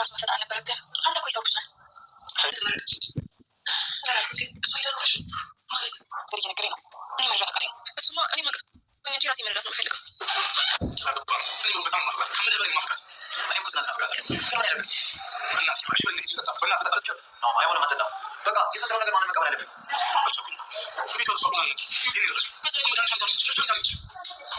ራሱ መፈጣ አልነበረብህም። አንተ እኮ የሰው ልጅ ነህ።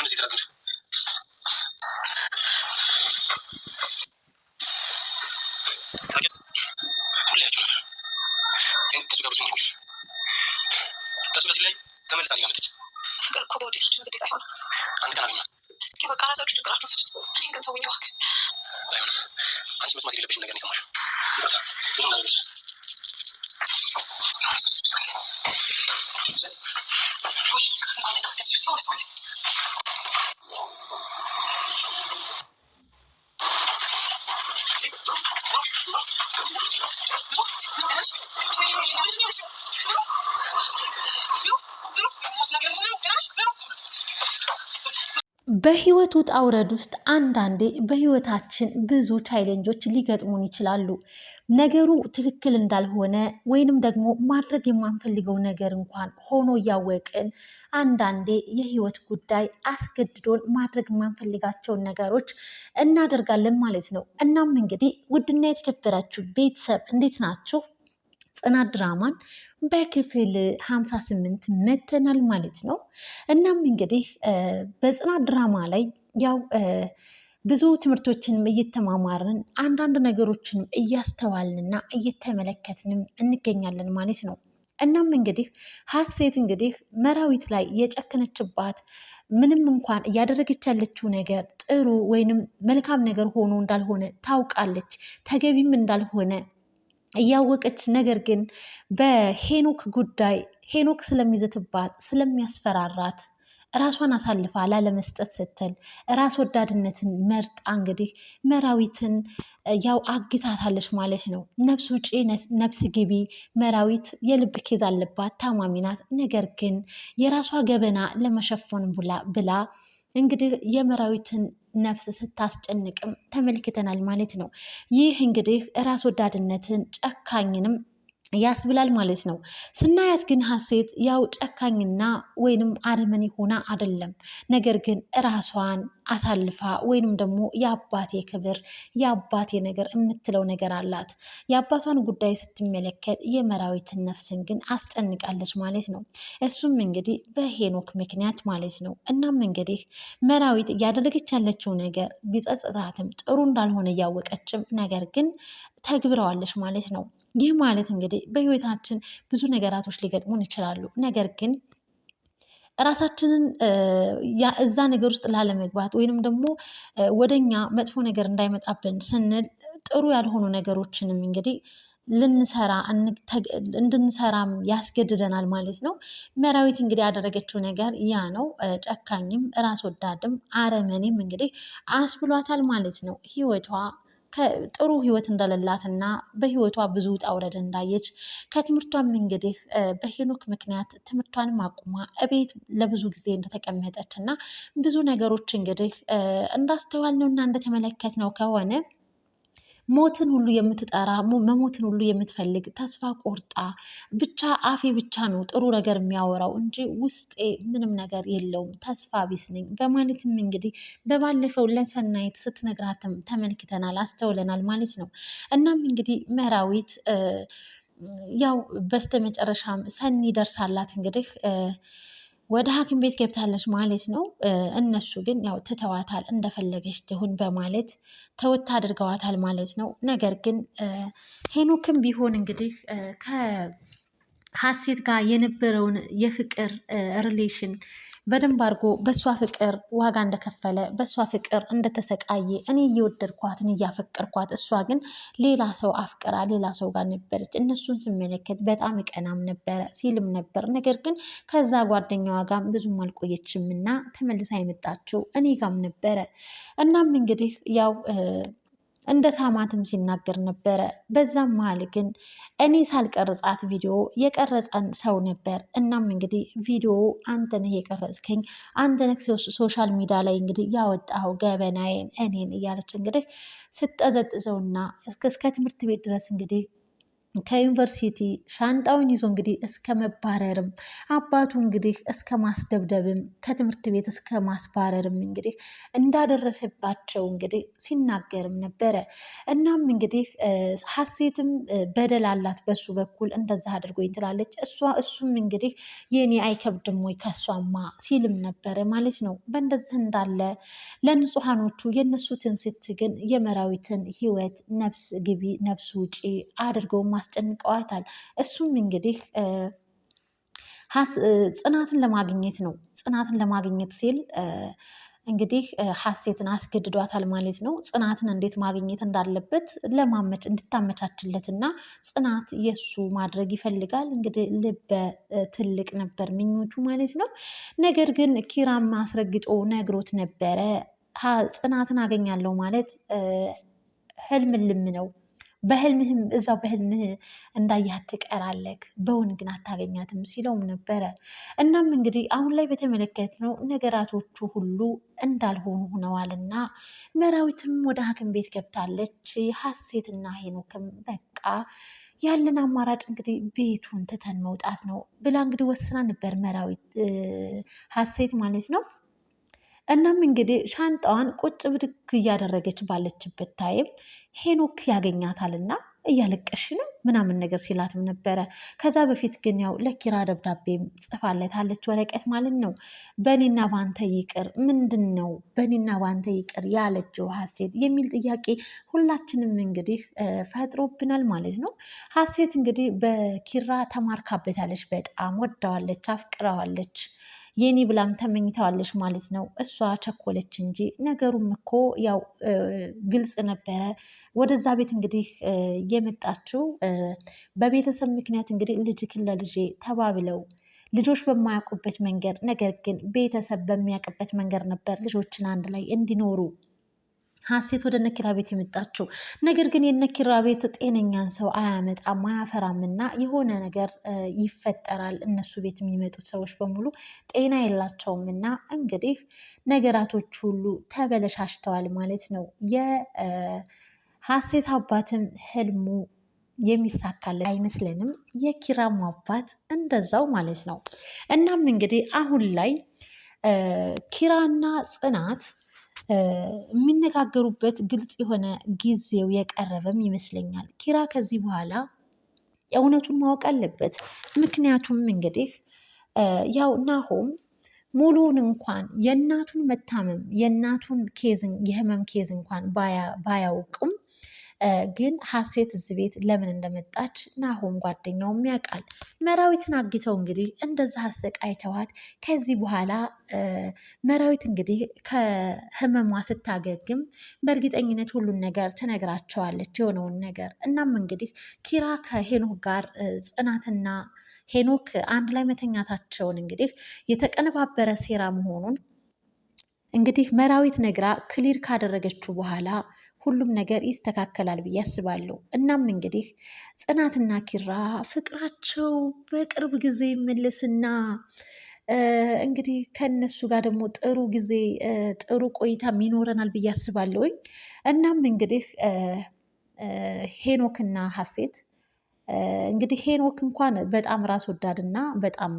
ሆነ ሲደረገች በህይወት ውጣ ውረድ ውስጥ አንዳንዴ በህይወታችን ብዙ ቻይሌንጆች ሊገጥሙን ይችላሉ። ነገሩ ትክክል እንዳልሆነ ወይንም ደግሞ ማድረግ የማንፈልገው ነገር እንኳን ሆኖ እያወቅን አንዳንዴ የህይወት ጉዳይ አስገድዶን ማድረግ የማንፈልጋቸውን ነገሮች እናደርጋለን ማለት ነው። እናም እንግዲህ ውድና የተከበራችሁ ቤተሰብ እንዴት ናችሁ? ጽናት ድራማን በክፍል 58 መተናል ማለት ነው። እናም እንግዲህ በጽናት ድራማ ላይ ያው ብዙ ትምህርቶችንም እየተማማርን አንዳንድ ነገሮችንም እያስተዋልንና እየተመለከትንም እንገኛለን ማለት ነው። እናም እንግዲህ ሀሴት እንግዲህ መራዊት ላይ የጨከነችባት ምንም እንኳን እያደረገች ያለችው ነገር ጥሩ ወይንም መልካም ነገር ሆኖ እንዳልሆነ ታውቃለች፣ ተገቢም እንዳልሆነ እያወቀች ነገር ግን በሄኖክ ጉዳይ ሄኖክ ስለሚዘትባት ስለሚያስፈራራት ራሷን አሳልፋ ላለመስጠት ስትል ራስ ወዳድነትን መርጣ እንግዲህ መራዊትን ያው አግታታለች ማለት ነው። ነፍስ ውጪ ነፍስ ግቢ። መራዊት የልብ ኬዝ አለባት፣ ታማሚ ናት። ነገር ግን የራሷ ገበና ለመሸፈን ብላ እንግዲህ የመራዊትን ነፍስ ስታስጨንቅም ተመልክተናል ማለት ነው። ይህ እንግዲህ ራስ ወዳድነትን ጨካኝንም ያስብላል ማለት ነው። ስናያት ግን ሀሴት ያው ጨካኝና ወይንም አረመኔ ሆና አይደለም። ነገር ግን እራሷን አሳልፋ ወይንም ደግሞ የአባቴ ክብር የአባቴ ነገር የምትለው ነገር አላት። የአባቷን ጉዳይ ስትመለከት የመራዊትን ነፍስን ግን አስጨንቃለች ማለት ነው። እሱም እንግዲህ በሄኖክ ምክንያት ማለት ነው። እናም እንግዲህ መራዊት እያደረገች ያለችው ነገር ቢጸጽታትም ጥሩ እንዳልሆነ እያወቀችም ነገር ግን ተግብረዋለች ማለት ነው። ይህ ማለት እንግዲህ በህይወታችን ብዙ ነገራቶች ሊገጥሙን ይችላሉ። ነገር ግን ራሳችንን እዛ ነገር ውስጥ ላለመግባት ወይንም ደግሞ ወደኛ መጥፎ ነገር እንዳይመጣብን ስንል ጥሩ ያልሆኑ ነገሮችንም እንግዲህ ልንሰራ እንድንሰራም ያስገድደናል ማለት ነው። መራዊት እንግዲህ ያደረገችው ነገር ያ ነው። ጨካኝም ራስ ወዳድም አረመኔም እንግዲህ አስብሏታል ማለት ነው። ህይወቷ ጥሩ ህይወት እንደሌላትና በህይወቷ ብዙ ውጣ ውረድ እንዳየች ከትምህርቷም እንግዲህ በሄኖክ ምክንያት ትምህርቷንም አቁማ እቤት ለብዙ ጊዜ እንደተቀመጠች እና ብዙ ነገሮች እንግዲህ እንዳስተዋልነውና እንደተመለከትነው ከሆነ ሞትን ሁሉ የምትጠራ መሞትን ሁሉ የምትፈልግ ተስፋ ቆርጣ ብቻ አፌ ብቻ ነው ጥሩ ነገር የሚያወራው እንጂ ውስጤ ምንም ነገር የለውም ተስፋ ቢስ ነኝ በማለትም እንግዲህ በባለፈው ለሰናይት ስትነግራትም ተመልክተናል አስተውለናል ማለት ነው። እናም እንግዲህ መራዊት ያው በስተመጨረሻም ሰኒ ደርሳላት እንግዲህ ወደ ሐኪም ቤት ገብታለች ማለት ነው። እነሱ ግን ያው ትተዋታል፣ እንደፈለገች ትሁን በማለት ተወት አድርገዋታል ማለት ነው። ነገር ግን ሄኖክም ቢሆን እንግዲህ ከሀሴት ጋር የነበረውን የፍቅር ሪሌሽን በደንብ አድርጎ በእሷ ፍቅር ዋጋ እንደከፈለ በእሷ ፍቅር እንደተሰቃየ እኔ እየወደድኳትን እያፈቀርኳት እሷ ግን ሌላ ሰው አፍቅራ ሌላ ሰው ጋር ነበረች። እነሱን ስመለከት በጣም እቀናም ነበረ ሲልም ነበር። ነገር ግን ከዛ ጓደኛዋ ጋም ብዙም አልቆየችም እና ተመልሳ የመጣችው እኔ ጋም ነበረ። እናም እንግዲህ ያው እንደ ሳማትም ሲናገር ነበረ። በዛም መሀል ግን እኔ ሳልቀርጻት ቪዲዮ የቀረጸን ሰው ነበር። እናም እንግዲህ ቪዲዮ አንተነህ የቀረጽከኝ አንተነህ ሶሻል ሚዲያ ላይ እንግዲህ ያወጣኸው ገበናዬን እኔን እያለች እንግዲህ ስጠዘጥዘውና እስከ ትምህርት ቤት ድረስ እንግዲህ ከዩኒቨርሲቲ ሻንጣውን ይዞ እንግዲህ እስከ መባረርም አባቱ እንግዲህ እስከ ማስደብደብም ከትምህርት ቤት እስከ ማስባረርም እንግዲህ እንዳደረሰባቸው እንግዲህ ሲናገርም ነበረ። እናም እንግዲህ ሀሴትም በደል አላት በሱ በኩል እንደዛ አድርጎኝ ትላለች። እሷ እሱም እንግዲህ የኔ አይከብድም ወይ ከሷማ ሲልም ነበረ ማለት ነው። በእንደዚህ እንዳለ ለንጹሐኖቹ ስት ግን የመራዊትን ህይወት ነፍስ ግቢ ነፍስ ውጪ አድርገው አስጨንቀዋታል። እሱም እንግዲህ ጽናትን ለማግኘት ነው። ጽናትን ለማግኘት ሲል እንግዲህ ሀሴትን አስገድዷታል ማለት ነው። ጽናትን እንዴት ማግኘት እንዳለበት ለማመች እንድታመቻችለት እና ጽናት የእሱ ማድረግ ይፈልጋል። እንግዲህ ልበ ትልቅ ነበር ምኞቹ ማለት ነው። ነገር ግን ኪራም አስረግጦ ነግሮት ነበረ ጽናትን አገኛለሁ ማለት ህልም ልም ነው በህልምህም እዛው በህልምህ እንዳያት ትቀራለህ፣ በውን ግን አታገኛትም ሲለውም ነበረ። እናም እንግዲህ አሁን ላይ በተመለከትነው ነገራቶቹ ሁሉ እንዳልሆኑ ሆነዋልና መራዊትም ወደ ሐኪም ቤት ገብታለች። ሀሴትና ሄኖክም በቃ ያለን አማራጭ እንግዲህ ቤቱን ትተን መውጣት ነው ብላ እንግዲህ ወስና ነበር መራዊት ሀሴት ማለት ነው። እናም እንግዲህ ሻንጣዋን ቁጭ ብድግ እያደረገች ባለችበት ታይም ሄኖክ ያገኛታልና እያለቀሽ ነው ምናምን ነገር ሲላትም ነበረ። ከዛ በፊት ግን ያው ለኪራ ደብዳቤም ጽፋለታለች ወረቀት ማለት ነው። በእኔና ባንተ ይቅር ምንድን ነው በእኔና ባንተ ይቅር ያለችው ሀሴት የሚል ጥያቄ ሁላችንም እንግዲህ ፈጥሮብናል ማለት ነው። ሀሴት እንግዲህ በኪራ ተማርካበታለች። በጣም ወዳዋለች፣ አፍቅረዋለች። የኔ ብላም ተመኝተዋለች ማለት ነው። እሷ ቸኮለች እንጂ ነገሩም እኮ ያው ግልጽ ነበረ። ወደዛ ቤት እንግዲህ የመጣችው በቤተሰብ ምክንያት እንግዲህ ልጅክን ለልጄ ተባብለው ልጆች በማያውቁበት መንገድ ነገር ግን ቤተሰብ በሚያውቅበት መንገድ ነበር ልጆችን አንድ ላይ እንዲኖሩ ሀሴት ወደ ነኪራ ቤት የመጣችው ነገር ግን የነኪራ ቤት ጤነኛን ሰው አያመጣም እና የሆነ ነገር ይፈጠራል። እነሱ ቤት የሚመጡት ሰዎች በሙሉ ጤና የላቸውም እና እንግዲህ ነገራቶች ሁሉ ተበለሻሽተዋል ማለት ነው። የሀሴት አባትም ህልሙ የሚሳካለት አይመስለንም። የኪራም አባት እንደዛው ማለት ነው። እናም እንግዲህ አሁን ላይ ኪራና ጽናት የሚነጋገሩበት ግልጽ የሆነ ጊዜው የቀረበም ይመስለኛል። ኪራ ከዚህ በኋላ እውነቱን ማወቅ አለበት። ምክንያቱም እንግዲህ ያው ናሆም ሙሉውን እንኳን የእናቱን መታመም የእናቱን ኬዝ የህመም ኬዝ እንኳን ባያውቅም ግን ሀሴት እዚህ ቤት ለምን እንደመጣች ናሆም ጓደኛውም ያውቃል። መራዊትን አግተው እንግዲህ እንደዛ አሰቃይተዋት ከዚህ በኋላ መራዊት እንግዲህ ከህመሟ ስታገግም በእርግጠኝነት ሁሉን ነገር ትነግራቸዋለች የሆነውን ነገር። እናም እንግዲህ ኪራ ከሄኖክ ጋር ጽናትና ሄኖክ አንድ ላይ መተኛታቸውን እንግዲህ የተቀነባበረ ሴራ መሆኑን እንግዲህ መራዊት ነግራ ክሊር ካደረገችው በኋላ ሁሉም ነገር ይስተካከላል ብዬ አስባለሁ። እናም እንግዲህ ጽናትና ኪራ ፍቅራቸው በቅርብ ጊዜ ይመለስና እንግዲህ ከእነሱ ጋር ደግሞ ጥሩ ጊዜ ጥሩ ቆይታም ይኖረናል ብዬ አስባለሁኝ። እናም እንግዲህ ሄኖክና ሀሴት እንግዲህ ሄኖክ እንኳን በጣም ራስ ወዳድና በጣም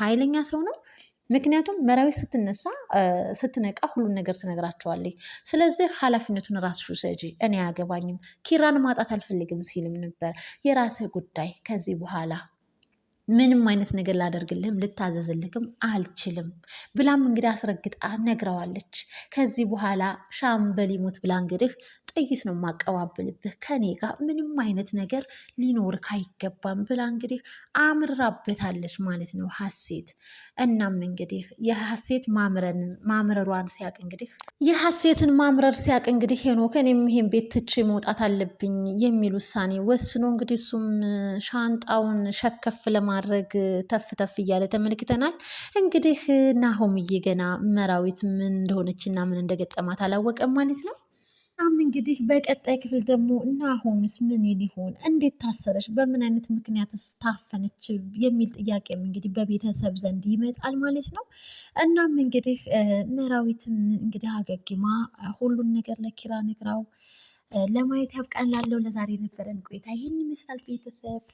ኃይለኛ ሰው ነው። ምክንያቱም መራዊ ስትነሳ ስትነቃ ሁሉን ነገር ትነግራቸዋለች። ስለዚህ ኃላፊነቱን ራስሽ ውሰጂ፣ እኔ አያገባኝም፣ ኪራን ማጣት አልፈልግም ሲልም ነበር። የራስህ ጉዳይ ከዚህ በኋላ ምንም አይነት ነገር ላደርግልህም ልታዘዝልህም አልችልም ብላም እንግዲህ አስረግጣ ነግረዋለች። ከዚህ በኋላ ሻምበል ይሙት ብላ እንግዲህ ጥይት ነው የማቀባብልብህ ከኔ ጋር ምንም አይነት ነገር ሊኖር አይገባም ብላ እንግዲህ አምራበታለች ማለት ነው ሀሴት። እናም እንግዲህ የሀሴት ማምረሯን ሲያቅ እንግዲህ የሀሴትን ማምረር ሲያቅ እንግዲህ ሄኖክ እኔም ይሄን ቤት ትቼ መውጣት አለብኝ የሚል ውሳኔ ወስኖ እንግዲህ እሱም ሻንጣውን ሸከፍ ለማድረግ ተፍ ተፍ እያለ ተመልክተናል። እንግዲህ ናሆምዬ ገና መራዊት ምን እንደሆነች እና ምን እንደገጠማት አላወቀም ማለት ነው። እናም እንግዲህ በቀጣይ ክፍል ደግሞ ናሆምስ ምን ሊሆን እንዴት ታሰረች፣ በምን አይነት ምክንያት ስታፈነች የሚል ጥያቄም እንግዲህ በቤተሰብ ዘንድ ይመጣል ማለት ነው። እናም እንግዲህ ምዕራዊትም እንግዲህ አገግማ ሁሉን ነገር ለኪራ ነግራው ለማየት ላለው ለዛሬ የነበረን ቆይታ ይህን ይመስላል ቤተሰብ